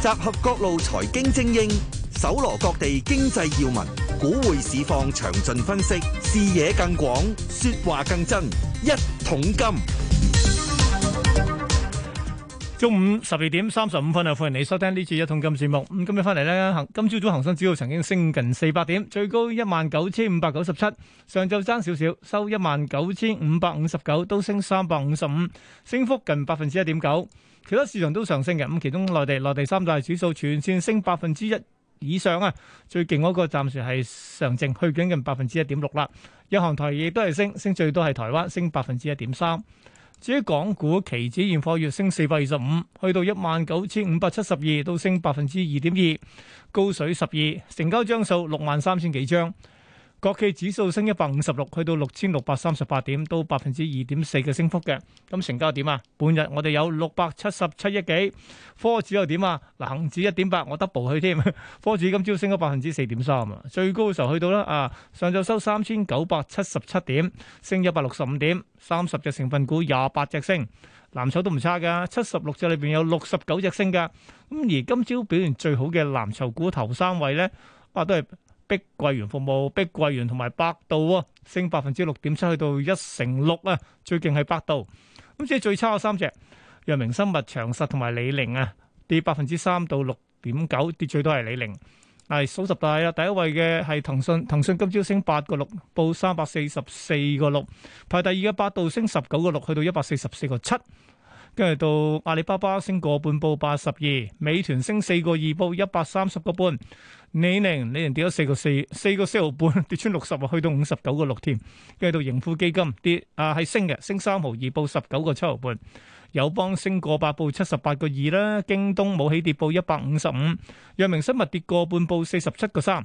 集合各路財經精英，搜羅各地經濟要聞，股匯市況詳盡分析，視野更廣，說話更真。一桶金，中午十二點三十五分又歡迎你收聽呢次一桶金節目。咁今日翻嚟咧，行今朝早恒生指數曾經升近四百點，最高一萬九千五百九十七，上晝爭少少收一萬九千五百五十九，都升三百五十五，升幅近百分之一點九。其他市場都上升嘅，咁其中內地內地三大指數全線升百分之一以上啊，最勁嗰個暫時係上證，去緊近百分之一點六啦。日韓台亦都係升，升最多係台灣，升百分之一點三。至於港股期指現貨月升四百二十五，去到一萬九千五百七十二，都升百分之二點二，高水十二，成交張數六萬三千幾張。國企指數升一百五十六，去到六千六百三十八點，都百分之二點四嘅升幅嘅。咁成交點啊？半日我哋有六百七十七億幾。科指又點啊？嗱，恒指一點八，我 double 去添。科指今朝升咗百分之四點三啊！最高嘅時候去到啦啊，上晝收三千九百七十七點，升一百六十五點，三十隻成分股廿八隻升。藍籌都唔差嘅，七十六隻裏邊有六十九隻升嘅。咁而今朝表現最好嘅藍籌股頭三位咧，啊都係。碧桂園服務、碧桂園同埋百度升百分之六點七，去到一成六啊，最勁係百度。咁即係最差嘅三隻，藥明生物、長實同埋李寧啊，跌百分之三到六點九，跌最多係李寧。係數十大啊，第一位嘅係騰訊，騰訊今朝升八個六，報三百四十四個六。排第二嘅百度升十九個六，去到一百四十四個七。跟住到阿里巴巴升個半報八十二，美團升四個二報一百三十個半，李寧李寧跌咗四個四四個四毫半，跌穿六十啊，去到五十九個六添。跟住到盈富基金跌啊係升嘅，升三毫二報十九個七毫半，友邦升個八報七十八個二啦，京東冇起跌報一百五十五，藥明生物跌個半報四十七個三。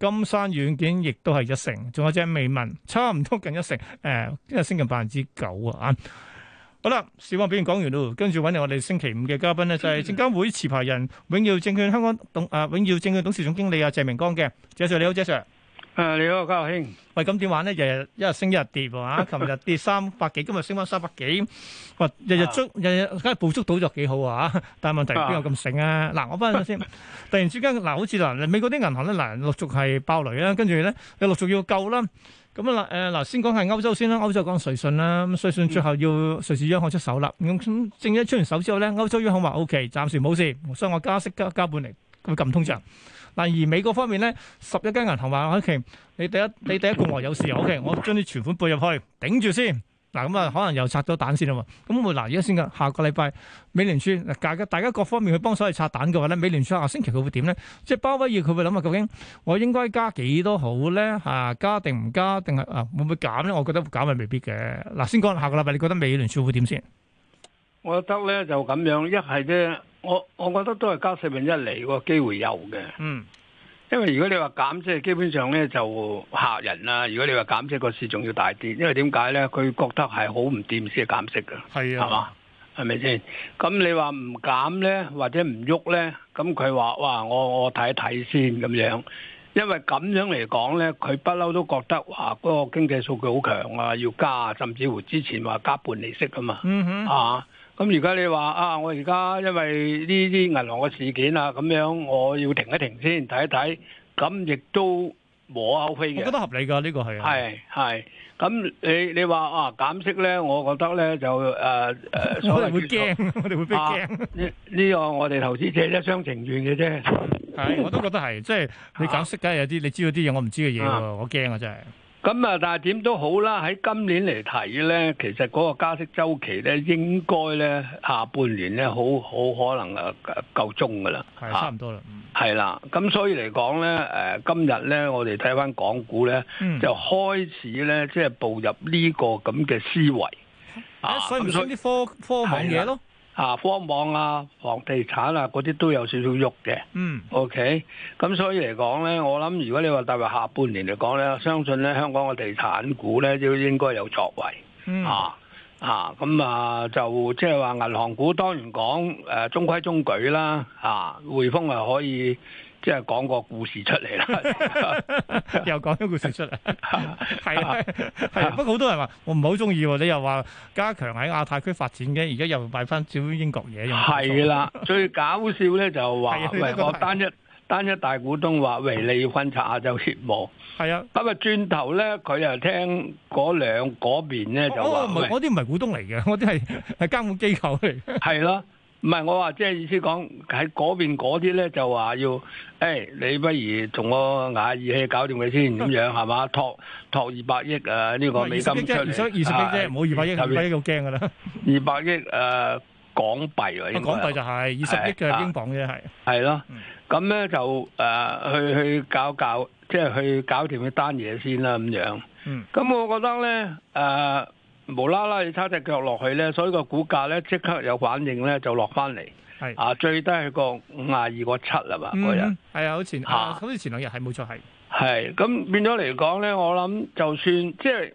金山軟件亦都係一成，仲有隻美文差唔多近一成誒，今、呃、日升近百分之九啊吓 好啦，市況表現講完啦，跟住揾嚟我哋星期五嘅嘉賓咧就係證監會持牌人永耀證券香港董誒、呃、永耀證券董事總經理啊謝明光嘅，謝 Sir 你好，謝 Sir。誒，你好，嘉樂兄。喂，咁點玩咧？日日一日升一日跌，吓，琴日跌三百幾，今日升翻三百幾。喂，日日捉，日日梗係捕捉到就幾好啊！吓，但係問題邊有咁醒啊？嗱，我翻去先。突然之間，嗱，好似嗱，美國啲銀行咧，嗱，陸續係爆雷啦，跟住咧又陸續要救啦。咁啊，誒，嗱，先講係歐洲先啦，歐洲講瑞信啦，咁瑞信最後要瑞士央行出手啦。咁正一出完手之後咧，歐洲央行話 OK，暫時冇事，所以我加息加加半厘，佢撳通脹。但而美國方面咧，十一間銀行話：O.K.，你第一你第一個話有事，O.K.，我將啲存款背入去，頂住先。嗱，咁啊，可能又拆咗蛋先啦喎。咁我嗱而家先嘅，下個禮拜美聯儲嗱，大家大家各方面去幫手去拆蛋嘅話咧，美聯儲下星期佢會點咧？即係鮑威爾佢會諗啊，究竟我應該加幾多好咧？嚇加定唔加定係啊？會唔會減咧？我覺得減係未必嘅。嗱、啊，先講下個禮拜，你覺得美聯儲會點先？我覺得咧就咁樣，一係咧。我我覺得都係加四分一厘，個機會有嘅。嗯，因為如果你話減息，基本上咧就吓人啦。如果你話減息個市仲要大啲，因為點解咧？佢覺得係好唔掂先係減息噶，係啊，係咪先？咁你話唔減咧，或者唔喐咧？咁佢話哇，我我睇一睇先咁樣。因為咁樣嚟講咧，佢不嬲都覺得話嗰個經濟數據好強啊，要加，甚至乎之前話加半利息噶嘛。嗯哼，啊。咁而家你話啊，我而家因為呢啲銀行嘅事件啊，咁樣我要停一停先睇一睇，咁亦都無可厚非嘅。OK、我覺得合理噶，啊、呢個係。係係，咁你你話啊減息咧，我覺得咧就誒誒、呃，所謂 會驚，我哋會驚。呢呢、啊這個我哋投資者一廂情願嘅啫。係， 我都覺得係，即、就、係、是、你減息，梗係有啲你知道啲嘢，啊、我唔知嘅嘢喎，我驚啊真係。咁啊，但係點都好啦，喺今年嚟睇咧，其實嗰個加息周期咧，應該咧下半年咧，好好可能夠、嗯、啊夠鐘噶啦，係差唔多啦，係啦，咁所以嚟講咧，誒、呃、今日咧，我哋睇翻港股咧，嗯、就開始咧，即、就、係、是、步入呢個咁嘅思維啊，欸、所唔識啲科科網嘢咯。啊，科網啊，房地產啊，嗰啲都有少少喐嘅。嗯。O K，咁所以嚟講呢，我諗如果你話踏入下半年嚟講呢，相信呢香港嘅地產股呢，都應該有作為。嗯、啊。啊咁啊就即係話銀行股當然講誒、呃、中規中矩啦。啊，匯豐係可以。即係講個故事出嚟啦，又講咗個故事出嚟，係啊，係。不過好多人話我唔好中意，你又話加強喺亞太區發展嘅，而家又賣翻少啲英國嘢，又係啦。最搞笑咧就話為個單一單一大股東話為利益分拆亞洲業務。係啊，咁啊轉頭咧，佢又聽嗰兩嗰邊咧就話，唔係，我哋唔係股東嚟嘅，我哋係係監管機構嚟。係咯。唔係，我話即係意思講喺嗰邊嗰啲咧，就話要，誒，你不如同我雅義氣搞掂佢先，咁樣係嘛，托托二百億啊呢個美金出嚟吓，二百億好驚噶啦，二百億誒港幣嚟，港幣就係，二十億就英鎊啫，係係咯，咁咧就誒去去搞搞，即係去搞掂佢單嘢先啦，咁樣。嗯，咁我覺得咧誒。無啦啦，你差隻腳落去咧，所以個股價咧即刻有反應咧，就落翻嚟。係啊，最低係個五十二個七啦嘛，嗰日係啊，有前啊，好似前兩日係，冇錯係。係咁變咗嚟講咧，我諗就算即係，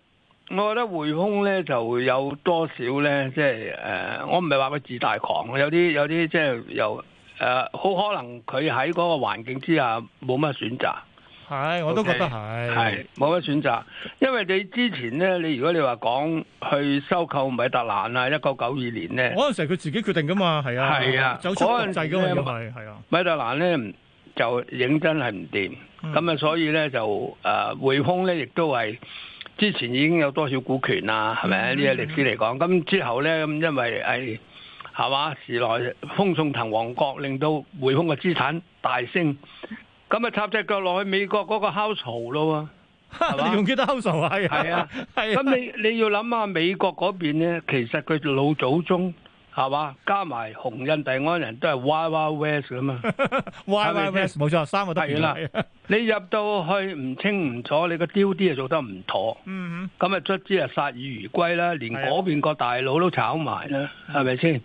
我覺得匯控咧就會有多少咧，即係誒、呃，我唔係話佢自大狂，有啲有啲即係又誒，好、就是呃、可能佢喺嗰個環境之下冇乜選擇。係，我都覺得係。係冇乜選擇，因為你之前咧，你如果你話講去收購米特蘭啊，一九九二年咧，嗰陣時佢自己決定噶嘛，係啊，係啊，好限制噶嘛，係啊。米特蘭咧就認真係唔掂，咁啊、嗯、所以咧就誒、呃、匯豐咧亦都係之前已經有多少股權啊，係咪？呢個歷史嚟講，咁之後咧咁因為係係嘛，時來風送滕王閣，令到匯豐嘅資產大升。咁咪插隻腳落去美國嗰個 House 咯，吓？你仲記得 House 啊？係係啊，咁你你要諗下美國嗰邊咧，其實佢老祖宗係嘛，加埋紅印第安人都係 Y Y W S 啊嘛，Y Y W S 冇錯，三個都係啦。你入到去唔清唔楚，你個 deal 啲啊做得唔妥，嗯哼，咁啊卒之啊鎩羽而歸啦，連嗰邊個大佬都炒埋啦，係咪先？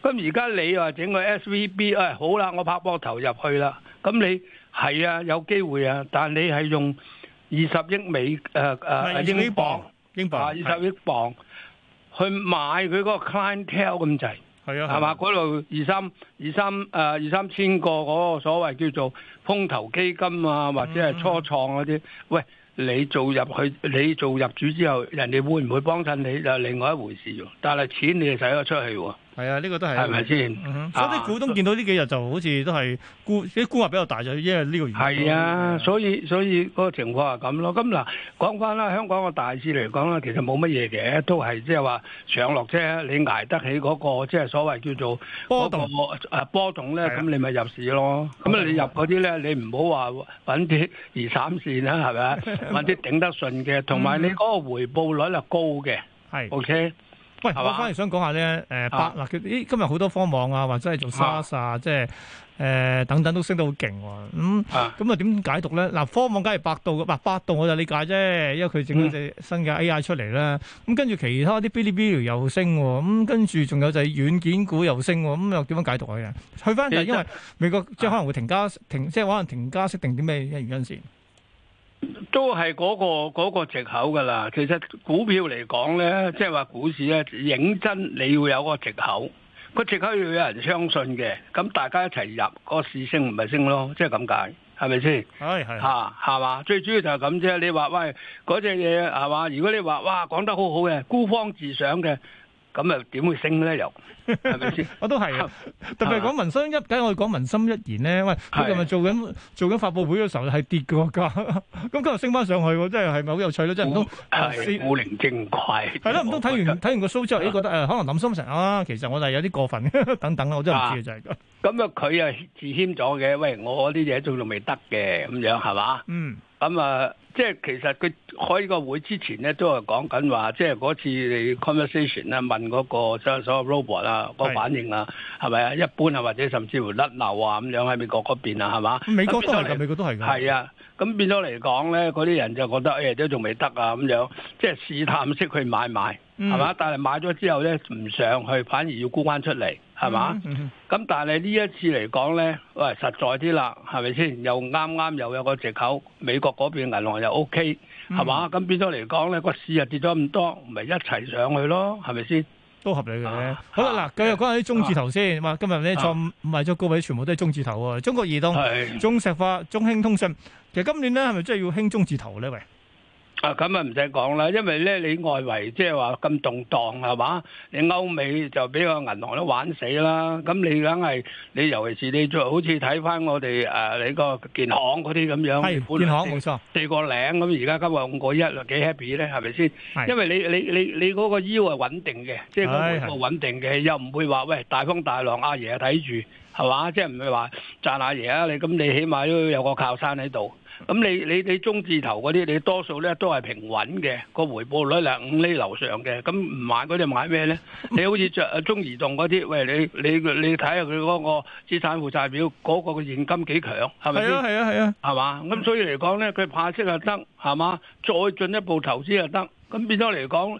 咁而家你話整個 S V B，哎好啦，我拍膊頭入去啦，咁你。係啊，有機會啊，但你係用二十億美誒誒、呃、英鎊，英鎊二十億鎊去買佢嗰個 clientele 咁滯，係啊，係嘛，嗰度二三二三誒二三千個嗰個所謂叫做風投基金啊，或者係初創嗰啲，嗯、喂，你做入去，你做入主之後，人哋會唔會幫襯你就另外一回事咯、啊，但係錢你係使咗出去喎、啊。係啊，呢個都係，係咪先？所以啲股東見到呢幾日就好似都係沽，啲沽壓比較大，咗因為呢個原因。係啊，所以所以嗰個情況係咁咯。咁嗱，講翻啦，香港嘅大市嚟講咧，其實冇乜嘢嘅，都係即係話上落車。你捱得起嗰個即係所謂叫做嗰個誒波動咧，咁你咪入市咯。咁啊，你入嗰啲咧，你唔好話揾啲二三線啦，係咪啊？揾啲頂得順嘅，同埋你嗰個回報率係高嘅。係，OK。喂，吧我反而想講下咧，誒、呃，百嗱、啊，咦，今日好多科網啊，或者係做 SaaS，、啊啊、即係誒、呃、等等都升得好勁、啊，咁、嗯、咁啊點解讀咧？嗱，科網梗係百度嘅，但百度我就理解啫，因為佢整咗隻新嘅 AI 出嚟啦。咁、嗯嗯、跟住其他啲 Bilibili 又升、啊，咁、嗯、跟住仲有就係軟件股又升、啊，咁、嗯、又點樣解讀佢嘅？去翻就因為美國即係可能會停加停即係可能停加息定點咩原因先？都係嗰個嗰個借口噶啦，其實股票嚟講呢，即係話股市咧，認真你要有個借口，個借口要有人相信嘅，咁大家一齊入，個市升唔係升咯，即係咁解，係咪先？係係係嘛，吧最主要就係咁啫。你話喂嗰隻嘢係嘛？如果你話哇講得好好嘅，孤芳自賞嘅，咁又點會升呢？又？係咪先？ 我都係啊，特別講民生，一，梗係我講民心一言咧。喂，佢琴日做緊做緊發佈會嘅時候係跌嘅個？咁 今日升翻上去喎，真係係咪好有趣咧？真係唔通？係古靈精怪。係啦道，唔通睇完睇完個 show 之後、啊，你經覺得誒，可能林心成啊，其實我就係有啲過分等等啦，我真係唔知就係咁。咁啊，佢又自謙咗嘅。喂、嗯，我啲嘢仲仲未得嘅，咁樣係嘛？嗯。咁、嗯、啊，即、嗯、係其實佢開呢個會之前咧，都係講緊話，即係嗰次你 conversation 啊，問嗰個所 robot 啊。啊啊個、嗯、反應啊，係咪啊？一般啊，或者甚至乎甩漏啊咁樣喺美國嗰邊啊，係嘛？美國都係，美國都係嘅。係啊，咁變咗嚟講咧，嗰啲人就覺得誒、欸、都仲未得啊咁樣，即係試探式去買賣，係嘛？嗯、但係買咗之後咧唔上去，反而要沽翻出嚟，係嘛？咁、嗯嗯、但係呢一次嚟講咧，喂，實在啲啦，係咪先？又啱啱又有個藉口，美國嗰邊銀行又 OK，係嘛？咁、嗯、變咗嚟講咧，個市又跌咗咁多，咪一齊上去咯，係咪先？都合理嘅，啊、好啦嗱，繼續講下啲中字頭先。話、啊、今日咧創唔係咗高位，創啊、全部都係中字頭啊！中國移動、啊、中石化、中興通訊，其實今年咧係咪真係要興中字頭咧？喂！啊，咁咪唔使講啦，因為咧你外圍即係話咁動盪係嘛，你歐美就畀個銀行都玩死啦。咁你梗係你，尤其是你就好似睇翻我哋誒、啊、你個建行嗰啲咁樣，建行冇錯，四個零咁而家今日五個一又幾 happy 咧？係咪先？是因為你你你你嗰個腰係穩定嘅，即、就、係、是、個每個穩定嘅，又唔的會話喂大風大浪阿爺睇住係嘛，即係唔會話賺阿爺啊你，咁你起碼都有個靠山喺度。咁你你你中字頭嗰啲，你多數咧都係平穩嘅，個回報率啦五釐樓上嘅，咁唔買嗰啲買咩咧？你好似著啊中移動嗰啲，喂你你你睇下佢嗰個資產負債表嗰個現金幾強，係咪先？係啊係啊係啊，係嘛？咁所以嚟講咧，佢派息又得，係嘛？再進一步投資又得，咁變咗嚟講，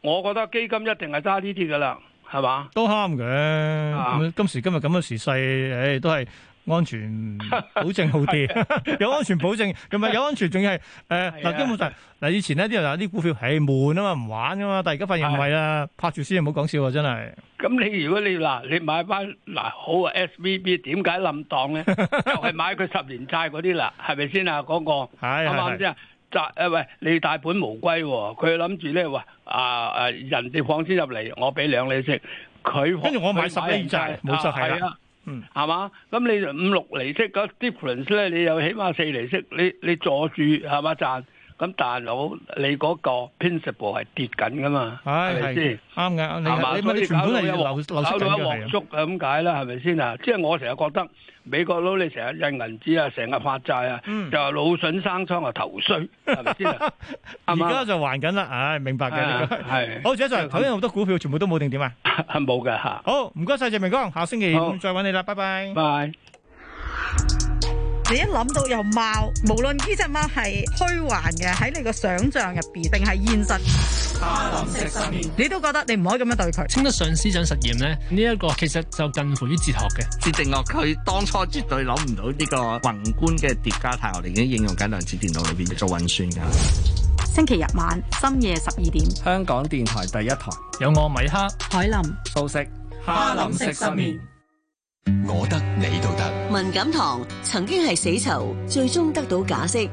我覺得基金一定係揸呢啲㗎啦，係嘛？都啱嘅，今時今日咁嘅時勢，誒都係。安全保證好啲，有安全保證，咁啊有安全，仲要係誒嗱，根本就係嗱，以前咧啲人話啲股票係悶啊嘛，唔玩啊嘛，但係而家發現唔係啦，拍住先，唔好講笑啊，真係。咁你如果你嗱，你買翻嗱好啊 S V B，點解冧檔咧？就係買佢十年債嗰啲啦，係咪先啊？嗰個啱唔啱先啊？債誒喂，你大本無歸，佢諗住咧話啊誒，人哋放錢入嚟，我俾兩厘你食，佢跟住我買十年債，冇錯係啦。嗯，係嘛？咁 你五六厘息，嗰 difference 咧，你有起碼四厘息，你你坐住，係嘛賺。咁大佬你嗰個 principal 係跌緊噶嘛，係咪先？啱嘅，你你咪全部都係流流出緊嘅，係啊。搞到一黃竹咁解啦，係咪先啊？即係我成日覺得美國佬你成日印銀紙啊，成日發債啊，就係腦筍生瘡啊，頭衰，係咪先啊？而家就還緊啦，唉，明白嘅。係好謝 sir，頭先好多股票全部都冇定點啊？冇嘅嚇。好，唔該曬謝明光，下星期再揾你啦，拜拜。拜。你一諗到有貓，無論呢隻貓係虛幻嘅喺你個想象入邊，定係現實，你都覺得你唔可以咁樣對佢。稱得上思想實驗呢，呢、這、一個其實就近乎於哲學嘅。薛定諤佢當初絕對諗唔到呢個宏觀嘅疊加態我哋已經應用緊量子電腦裏邊做運算嘅。星期日晚深夜十二點，香港電台第一台有我米克、海林、素食、哈林食、林食失眠。我得你都得，文錦堂曾經係死囚，最終得到假釋。